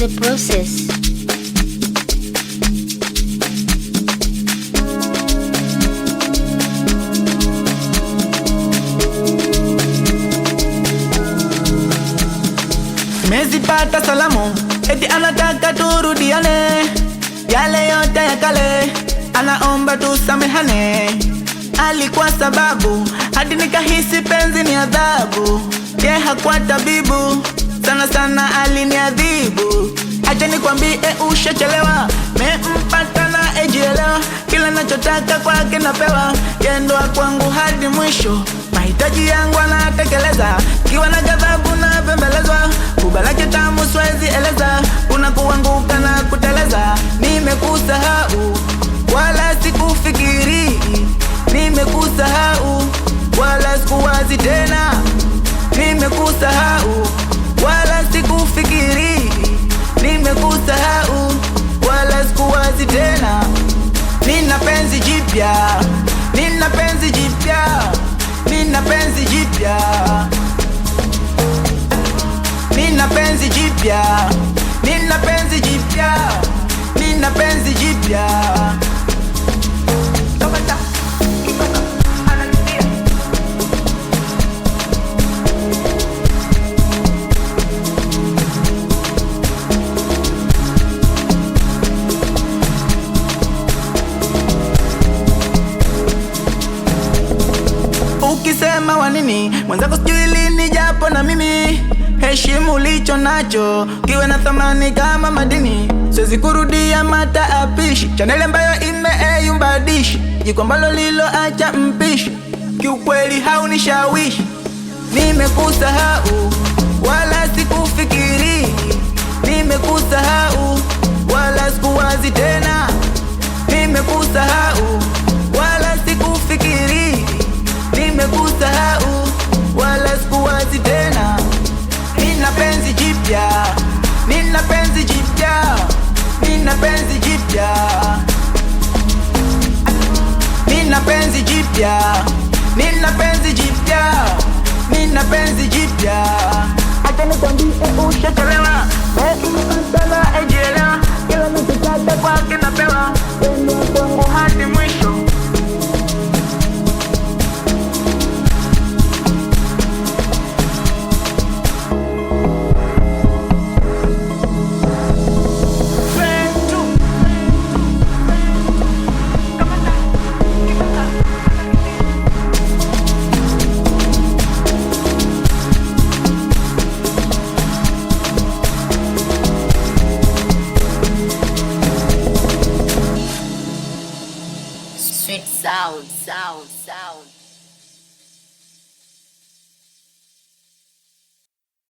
the process. Mezipata salamu eti anataka turudiane, yale yote ya kale anaomba tusamehane. Alikuwa sababu hadi nikahisi penzi ni adhabu, ye hakuwa tabibu sana sana aliniadhibu. Acha nikwambie eh, ushachelewa, mempata na ejielewa, kila nachotaka kwake napewa, yendo kwangu hadi mwisho, mahitaji yangu anatekeleza, kiwa na ghadhabu na pembelezwa, kubalaki tamu swezi eleza penzi jipya, nina penzi jipya, nina penzi jipya, nina penzi jipya nina penzi jipya ukisema wanini mwenzako sijui lini, japo na mimi heshimu licho nacho, kiwe na thamani kama madini. Siwezi kurudia mataapishi, chaneli ambayo imeeyumba dishi, jiko ambalo lilo acha mpishi, kiukweli haunishawishi. Nimekusahau wala sikufikiri, nimekusahau wala sikuwazi tena, nimekusahau jipya, nina penzi jipya, nina penzi jipya, acha nikwambie ushachelewa. sound, sound, sound.